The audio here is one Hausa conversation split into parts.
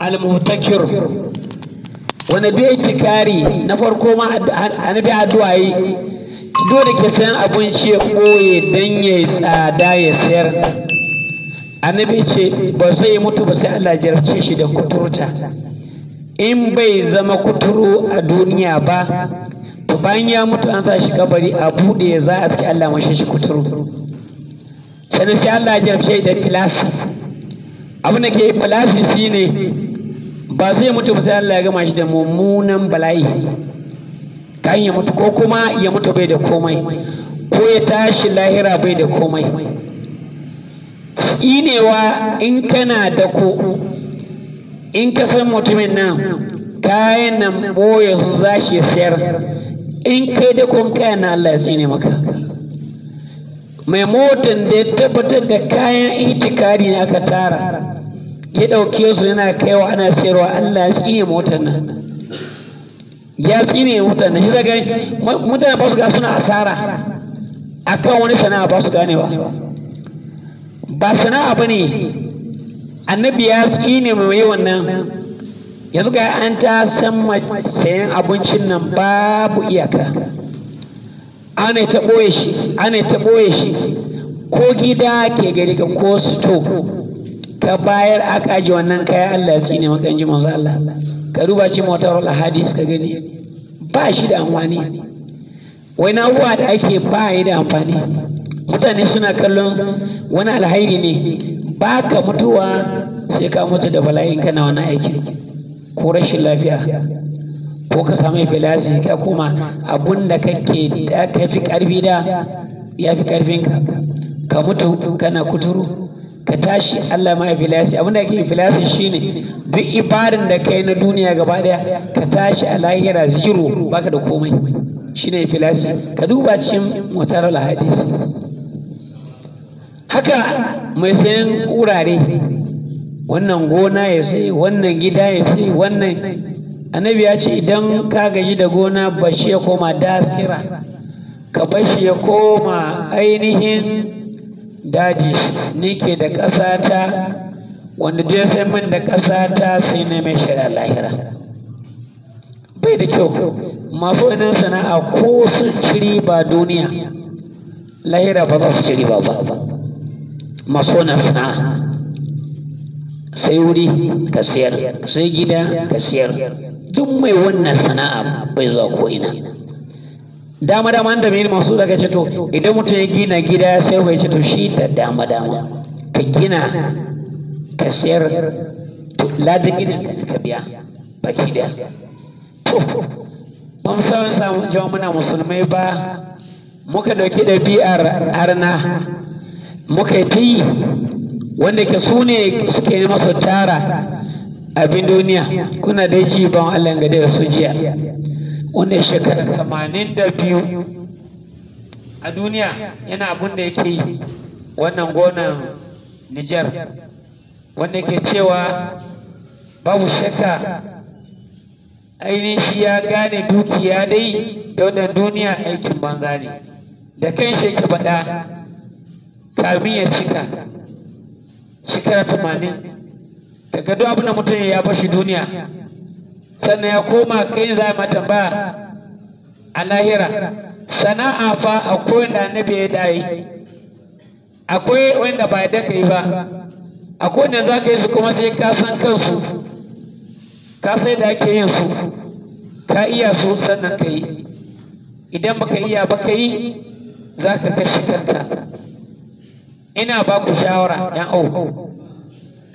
al Wani wanda bai tikari na farko ma annabi addu'a yi dole ke sayan abinci ya ɓoye don ya tsada ya sayar annabi ce ba zai mutu ba sai Allah jarabce shi da kuturta in bai zama kuturu a duniya ba to bayan ya mutu an sa shi kabari a buɗe za a Allah mashi shi kuturu sai Allah jarabce da filasa abin da ke falafi ne ba zai mutu ba sai Allah ya gama shi da mummunan bala'i kan ya mutu ko kuma ya mutu bai da komai ko ya tashi lahira bai da komai tsinewa in kana da ko in ka san mutumin nan kayan nan boye su za shi sayar in kai da kun kayan na Allah ya tsine maka mai motan da ya tabbatar da kayan itikari ne aka tara ya ɗauke su yana kaiwa ana sayarwa Allah ya tsine motar nan ya tsine motar nan shi gani mutane ba su ga suna asara A kan wani sana'a ba su ganewa ba sana'a ba ne annabi ya tsine mai wannan yanzu ga an ta san sayan abincin nan babu iyaka ana ta ɓoye shi ana ta ɓoye shi ko gida ke gari ko sito ka bayar aka ajiye wannan kaya Allah ya tsine maka inji manzo Allah ka duba ce al hadis ka gani ba shi da amfani wai na uwa da ake ba yi da amfani mutane suna kallon wani alhairi ne ba ka mutuwa sai ka mutu da bala'in kana wani aiki ko rashin lafiya ko ka samu filasi ka kuma abun da kake da ka fi karfi da ya fi karfinka ka mutu kana kuturu ka tashi Allah ma filasi. abin da ake filasi shine duk ibarin da kai na duniya gaba daya ka tashi a lahira zero baka da komai shine filasi. ka duba cikin motar alhadis haka mai sayan wurare wannan gona ya sai wannan gida ya sai wannan annabi ya ce idan ka gaji da gona bashi ya koma dasira ka bashi ya koma ainihin daji nike da ƙasata wanda ya san min da ƙasata sai na mai shari'a lahira bai da kyau masu wannan sana'a ko sun ciri ba duniya lahira ba za su ciri ba ba masu wannan sana'a sai wuri ka siyar sai gida ka siyar duk mai wannan sana'a bai zuwa ko ina dama dama da mai masu daga ce to idan mutum ya gina gida sai sayar ya ce to shi da dama dama ka gina ka sayar to ladin gina ka ka biya baki da to ba mu samu samu jawo muna musulmai ba muka dauki ɗabi'ar arna muka yi wanda ke su ne suke yi masu tara abin duniya kuna da ji ban Allah ga da su jiya wanda shekara tamanin da biyu a duniya yana abin da yake yi wannan gonan Nijar wanda ke cewa babu shakka ainihin shi ya gane dukiya dai da wannan duniya aikin banza ne da kan shi yake faɗa kamin ya cika shekara tamanin daga duk abin da mutum ya bashi duniya sannan ya koma kai za mata tambaya a lahira sana'a fa akwai wanda annabi ya dayi akwai wanda ba da kai ba akwai wanda za ka yi su kuma sai ka san kansu ka sai da ake yin su ka iya su sannan ka yi idan baka iya ba ka yi za ka kashe kanka ina ba ku shawara yan au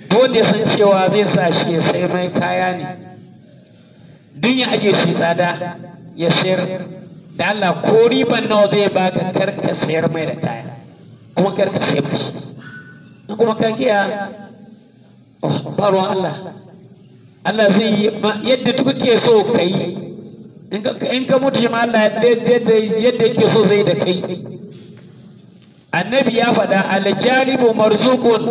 dole sun cewa zai sa shi ya sai mai kaya ne duk ya shi tsada ya sayar da Allah ko riban nawa zai baka kar ka sayar mai da kaya kuma kar ka sayar mashi in kuma kan kiya faruwa oh, Allah Allah zai yi yadda kuke so ka yi in ka mutu ma Allah yadda yake so zai da kai annabi ya faɗa aljalibu marzuqun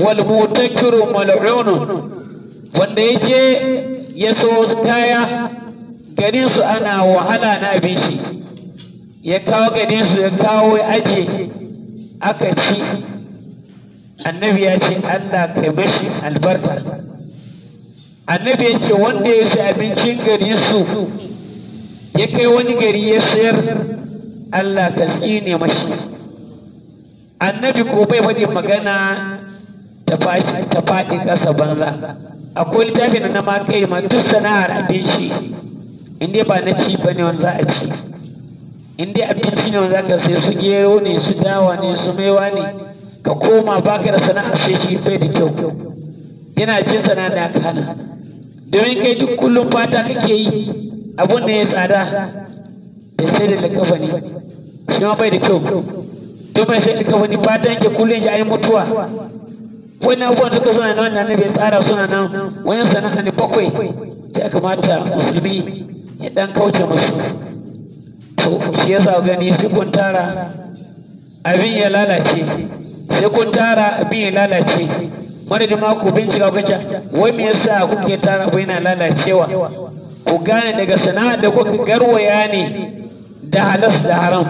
wal mutakiru mal'unun wanda yake ya so kaya ganin su ana wahala na bishi ya kawo ganin su ya kawo ya aje aka ci annabi ya ce Allah kai mashi albarka annabi ya ce wanda ya sai abincin gari su ya kai wani gari ya sayar Allah ka tsine mashi annabi ko bai faɗi magana ta faɗi ƙasa banza akwai littafin na ma kai ma duk sana'ar abin shi in dai ba na ci ba ne wanda za a ci in dai abinci ne wanda ka sai su gero ne su dawa ne su maiwa ne ka koma baka da sana'ar sai shi bai da kyau yana ce sana'ar da aka hana domin kai duk kullum fata kake yi abun da ya tsada da sai da lakafa ne shi ma bai da kyau domin sai lakafa ne fata yake kullum ya yi mutuwa wani abubuwan da zuwa na wannan annabi ya tsara suna nan wani sana'a ne bakwai ta ya kamata musulmi ya dan kauce musu to shi yasa gani sai kun tara abin ya lalace sai kun tara abin ya lalace madadin da mako bincika ku ce wai me yasa kuke tara abu yana lalacewa ku gane daga sana'ar da kuka garwaya ne da halas da haram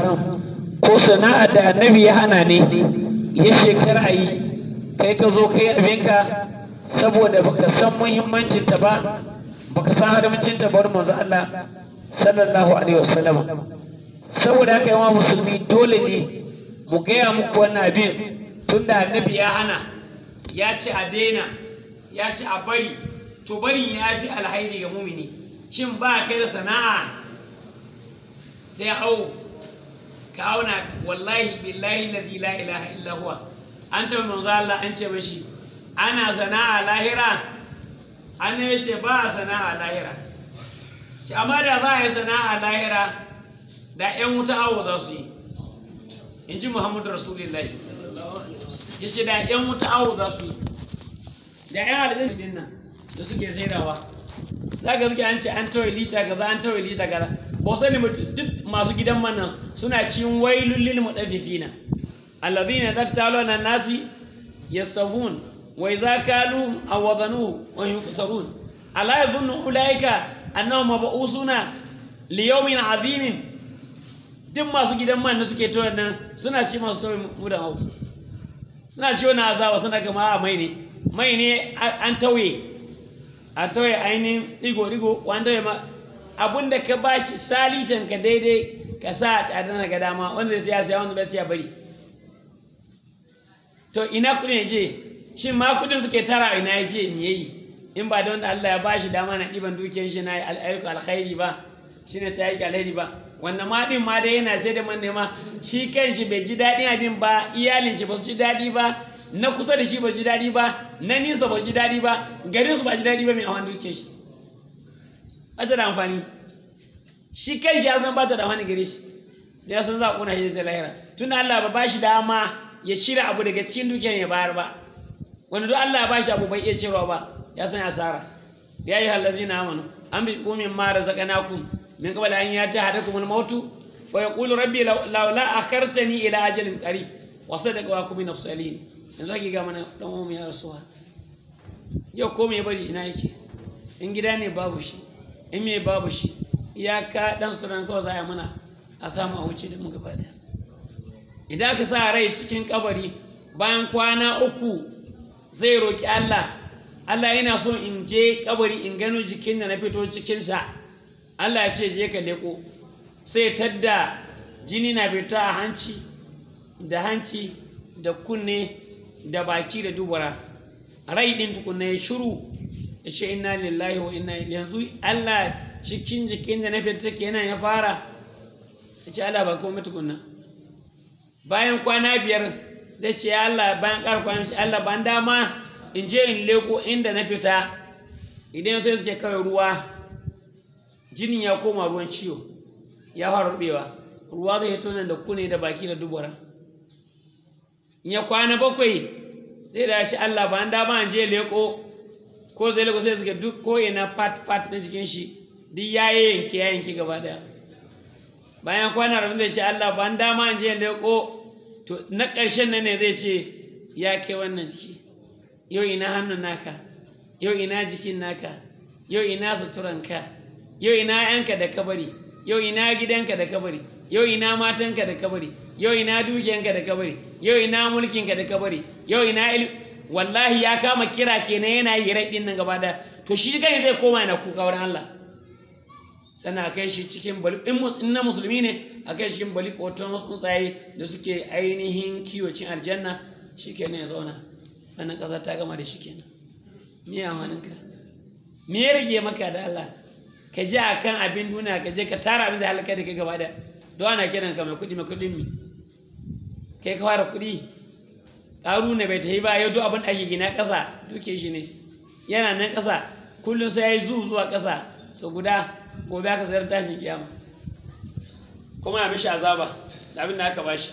ko sana'ar da annabi ya hana ne ya shekara a yi kai ka zo kai abinka saboda baka san muhimmancin ta ba baka san haramcin ta bar manzo Allah sallallahu alaihi wasallam saboda haka yawa musulmi dole ne mu gaya muku wannan abin tunda annabi ya hana ya ce a daina ya ce a bari to barin ya fi alhairi ga mumini shin ba kai da sana'a sai au ka auna wallahi billahi la ilaha illa huwa an taɓa manzo Allah an ce mashi ana sana'a lahira annabi ce ba a sana'a lahira ce amma da za a yi sana'a lahira da 'yan wuta awo za su yi in ji muhammadu rasulullahi ya ce da 'yan wuta awo za su yi da 'yan aljihun din nan da suke saidawa za ka zuke an ce an tawai lita gaza an tawai lita gaza ba sani duk masu gidan manan suna cin mu ɗan mutaffifina alladhina yaqtaluna an-nasi yasawun wa idza kaluhum aw wazanuhum wa yunfasarun ala yadhunnu ulaika annahum mab'usuna li yawmin 'adhimin duk masu gidan man da suke tawar nan suna ci masu tawar mu da hau suna ci wani azaba suna kama a mai ne mai ne an tawaye a tauye ainihin digo-digo wanda ya ma abin ka ba shi salishan ka daidai ka sa a tsadar ka dama wanda zai siya siya wanda bai siya bari to ina kuɗin je shin ma kuɗin suke tara ina ya je me yayi in ba da wanda Allah ya bashi dama na ɗiban dukiyar shi na yi al'ayyuka alkhairi ba ne ta yi alkhairi ba wannan ma din ma dai yana sai da man nema shi shi bai ji daɗin abin ba iyalin shi ba su ji daɗi ba na kusa da shi ba ji daɗi ba na nisa ba ji daɗi ba garin su ba ji daɗi ba mai hawan dukiyar shi ta da amfani shi kanshi ya san ba ta da amfani gare shi ya san za a ƙona shi da lahira tun Allah ba ba shi dama ya shirya abu daga cikin dukiyar ya bayar ba wanda duk Allah ya bashi abu bai iya cewa ba ya san asara ya yi hallazi na amanu an bi kumin ma razaqnakum min qabl an hada kuma mautu wa kulu rabbi laula akhartani ila ajalin qari wa sadaqa wa kum nafsalin yanzu zaki ga mana dan uwan ya rasuwa yau ko me bari ina yake in gida ne babu shi in me babu shi iyaka dan suturan kawai za a muna a samu a wuce da mu gaba daya idan ka sa rai cikin kabari bayan kwana uku zai roƙi Allah Allah yana so in je kabari in gano jikin da na fito cikin sa Allah ya ce je ka leko sai tadda jini na fita a hanci da hanci da kunne da baki da dubara rai din tukunne ya shiru ya ce inna lillahi wa inna yanzu Allah cikin jikin da na fito kenan ya fara ya ce Allah ba komai tukunna bayan kwana biyar zai ce Allah bayan ƙara kwana shi Allah ban dama in je in leko inda na fita idan sai suke kawai ruwa jinin ya koma ruwan ciwo ya fara rubewa ruwa zai hito nan da kune da baki da dubura in ya kwana bakwai zai da shi Allah ban dama in je leko ko zai leko sai suke duk ko ina fat fat na cikin shi duk ya yanke ya yanke gaba daya bayan kwana rabin zai ce Allah ban dama in je in leƙo to na ƙarshen nan ne zai ce ya ke wannan jiki yau ina hannun naka yau ina jikin naka yau ina suturanka yau ina yanka da kabari yau ina gidanka da kabari yau ina matanka da kabari yau ina dukiyanka da kabari yau ina mulkinka da kabari yau ina wallahi ya kama kira kenan yana yi rai nan gaba da to shi gani zai koma yana kuka wurin Allah sana a kai shi cikin balik in na musulmi ne a kai shi cikin balik hoton wasu tsuntsaye da suke ainihin kiwocin aljanna shi kenan ya zauna wannan ƙasa ta gama da shi kenan me ya amaninka me ya rage maka da Allah ka je a kan abin duniya ka je ka tara abin da halaka da ka gaba da don ana kiran ka mai kuɗi mai kuɗin mi kai ka fara kuɗi ƙaru na bai ta yi ba yau duk abin da ake gina ƙasa duke shi ne yana nan ƙasa kullum sai ya yi zuwa ƙasa su guda gobe aka sayar tashin kiyama kuma ya mishi azaba da abin da aka bashi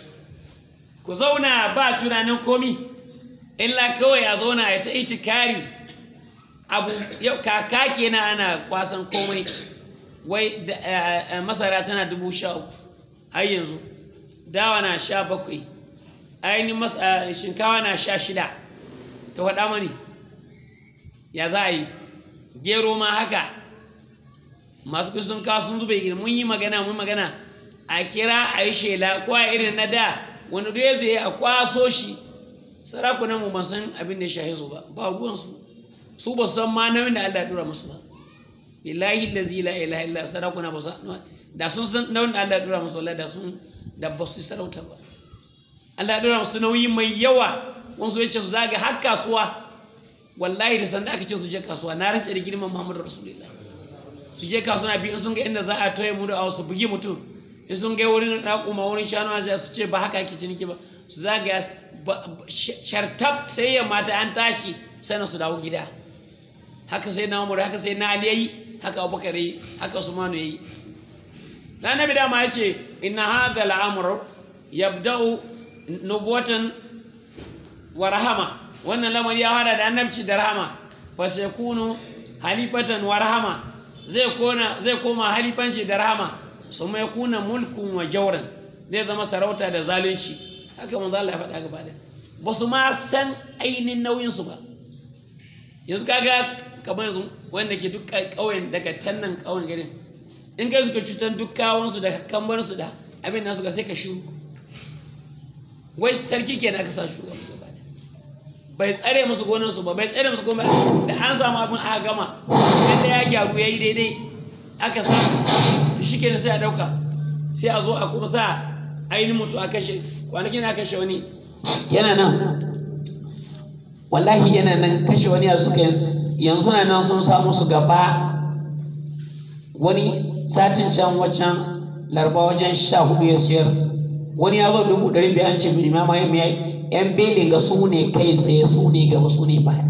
ku zauna ba tunanin komi illa kawai ya zauna ya ta kari. abu yau kaka kenan ana kwasan komai wai eh, eh, masara tana dubu sha uku har yanzu dawa na sha bakwai ainihin eh, shinkawa na sha shida ta faɗa mani ya za a yi gero ma haka masu kuɗi sun kawo sun gida mun yi magana mun magana a kira a yi shela ko a irin na da wani da ya zai a kwaso shi sarakunan mu ban san abin da ya shahe su ba ba ruwansu su ba su san ma nauyin da Allah ya dora musu ba billahi da zila ilaha illa sarakuna ba su da sun san nauyin da Allah ya dora musu wallahi da sun da ba su sarauta ba Allah ya dora musu nauyi mai yawa wasu ya ce su zaga har kasuwa wallahi da sanda aka ce su je kasuwa na rance da girman Muhammadu Rasulullah su je kasuwa biyu in sun ga inda za a toye mu da su bugi mutum in sun ga wurin kuma wurin shanu a su ce ba haka ake ciniki ba su ga shartab sai ya mata an tashi sannan su dawo gida haka sai na umar haka sai na ali yayi haka abubakar yayi haka usmanu yayi dan nabi dama ce inna hadha al ya yabda'u nubuwatan wa rahama wannan lamari ya hada da annabci da rahama fa sayakunu halifatan wa rahama zai koma halifanci da rahama su mai kuna mulkun wa jauran zai zama sarauta da zalunci haka manzo Allah ya faɗa gaba da ba su ma san ainin nauyin su ba yanzu kaga kamar yanzu wanda ke duk ƙauyen daga tannan ƙauyen garin in kai suka cutar duk kawon su da kambarin su da abin nan suka sai ka shiru wai sarki kenan aka sa shugaba bai tsare musu su ba bai tsare musu gonar da an samu abin aka gama inda ya gyaru yayi daidai aka sa shi ke sai a dauka sai a zo a kuma sa ainihin mutu a kashe Kwanaki a kashe wani yana nan wallahi yana nan kashe wani a suka yanzu na nan sun samu su gaba wani satin can wacan larba wajen sha hudu ya siyar wani ya zo dubu ɗari an ce bijima ma ya yan belin ga su ne kai tsaye su ne gaba su ne baya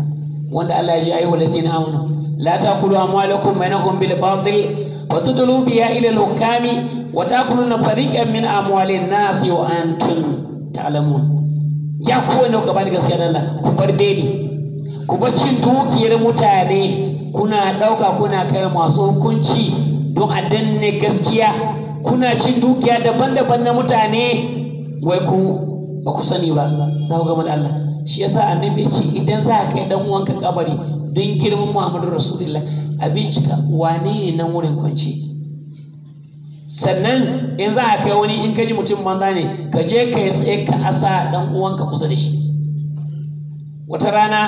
wanda Allah ya ji wala ladina amanu la taqulu amwalakum bainakum bil batil wa tudlu biha ila al-hukami wa taquluna fariqan min amwalin nasi wa antum ta'lamun ya kowane ku bani gaskiya da Allah ku bar beli ku bar cin dukiyar mutane kuna ɗauka kuna kai masu hukunci don a danne gaskiya kuna cin dukiya daban-daban na mutane wai ku ba ku sani ba za ku gama da Allah shi yasa annabi ce idan za ka kai dan uwanka kabari don girman Muhammadu Rasulullah a bincika wane ne nan wurin kwanci sannan in za a kai wani in ka ji mutum banza ne ka je ka yi tsaye ka asa dan uwanka kusa da shi wata rana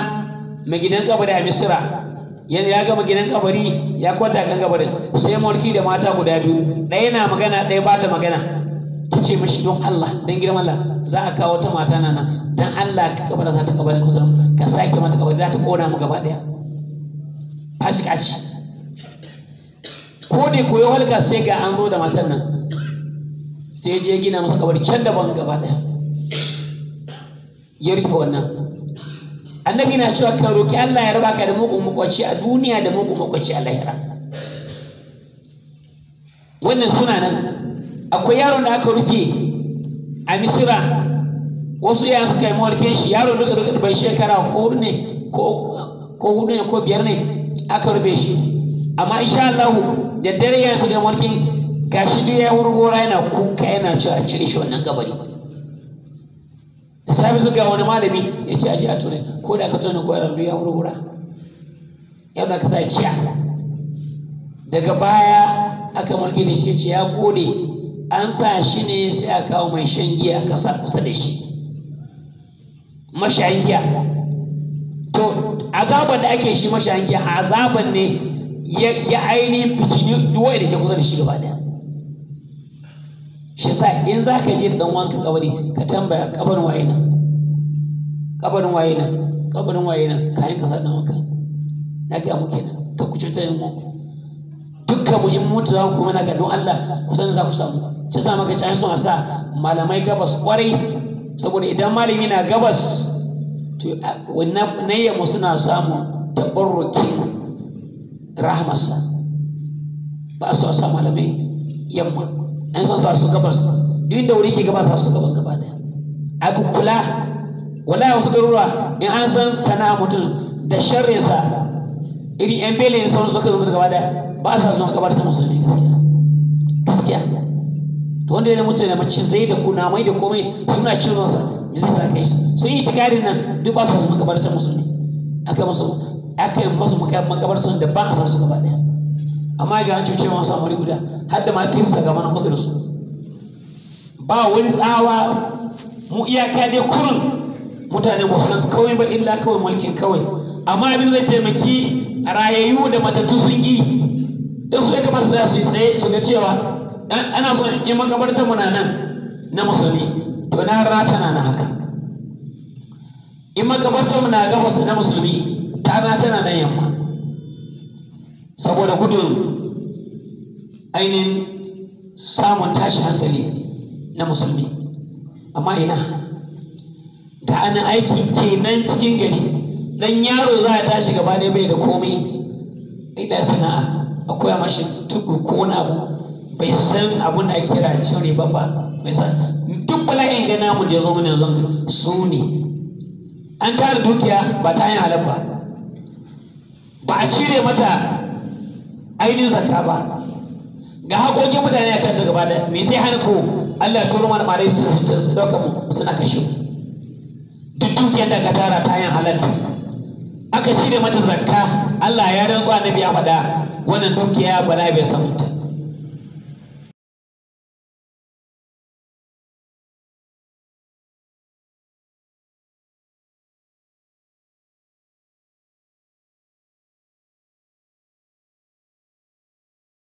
mai gidan kabari a misira yana ya gama gidan kabari ya kwanta kan kabarin sai mulki da mata guda biyu ɗaya na magana ɗaya bata magana ta ce mashi don Allah don girman Allah za a kawo ta mata nana, nan don Allah ka kabara za ta kabara kusurin ka sake mata kabara za ta kona mu gaba daya fasika ce ko ne koyo halka sai ga an zo da matan nan sai je gina masa kabari can ban gaba daya ya rufe wannan annabi na cewa ka roki Allah ya raba ka da mugun makwaci a duniya da mugun makwaci a lahira wannan suna nan akwai yaron da aka rufe a misira wasu yaya suka yi mawarkin shi yaron duka duka bai shekara hudu ne ko hudu ne ko biyar ne aka rufe shi amma insha Allah da dare yaya su da mawarkin gashi duk ya gora yana kuka yana ci a cire shi wannan gabari da sabi zuga wani malami ya ce a ji a tunai ko da aka tone ko yaron duk ya gora yau da ka sa ciya daga baya aka mulki da shi ya gode an sa shi ne sai a kawo mai shan giya ka sa kusa da shi mashayin giya to azaban da ake shi mashayin giya azaban ne ya ainihin fitini duwa da ke kusa da shi gaba daya shi sa in za ka je dan wanka kabari ka tambaya kabarin waye nan kabarin waye nan kabarin waye nan ka ka sa dan wanka na ga muke nan ka kuce ta yin wanku dukkan mu in mutu za ku mana ga don Allah kusan za ku samu shi za maka ci son sa malamai gabas kwarai saboda idan malami na gabas to na mu suna samun tabarruki rahmarsa ba su sa malamai yamma an san su gabas duk da wuri ke gabas su gabas gaba daya a kula wala wasu garuruwa in an san sana mutum da sharrinsa irin yan bele sauransu suka zama gaba daya ba su sa zuwa gabar ta musulmi gaskiya gaskiya to wanda ya mutu da mace zai da mai da komai suna cin ruwansa me zai sa kai sun yi tikarin nan duk ba su zama kabartar musulmi aka musu aka yi musu makabartar da ba a san su gaba daya amma ga an cuce masu amuri guda har da ma fi sa gaba na mutu da su ba wani tsawa mu iyaka dai kurun mutane ba san kawai ba illa kawai mulkin kawai amma abin zai taimaki rayayyu da matattu sun yi don su ya kamata su yi tsaye su ga cewa ana so in makabartar mu muna nan na musulmi to na rata na haka in makabartar mu na gabas na musulmi ta na tana nan yamma saboda gudun ainihin samun tashi hankali na musulmi amma ina da ana aiki kenan cikin gari dan yaro za a tashi gaba ne bai da komai da sana'a akwai mashi tudu ko wani abu bai san abin da ake rancin riba ba mai san duk bala'in ga namu da ya zo mana yanzu su ne an tara dukiya ba ta yin halal ba ba a cire mata ainihin zakka ba ga haƙoƙin mutane a kan gaba da me zai hana ko Allah ya turo mana malai su su dauka mu suna kashe duk dukiyar da ka tara ta yin halar aka cire mata zakka Allah ya rantsa annabi ya faɗa wannan dukiya bala bai samu ta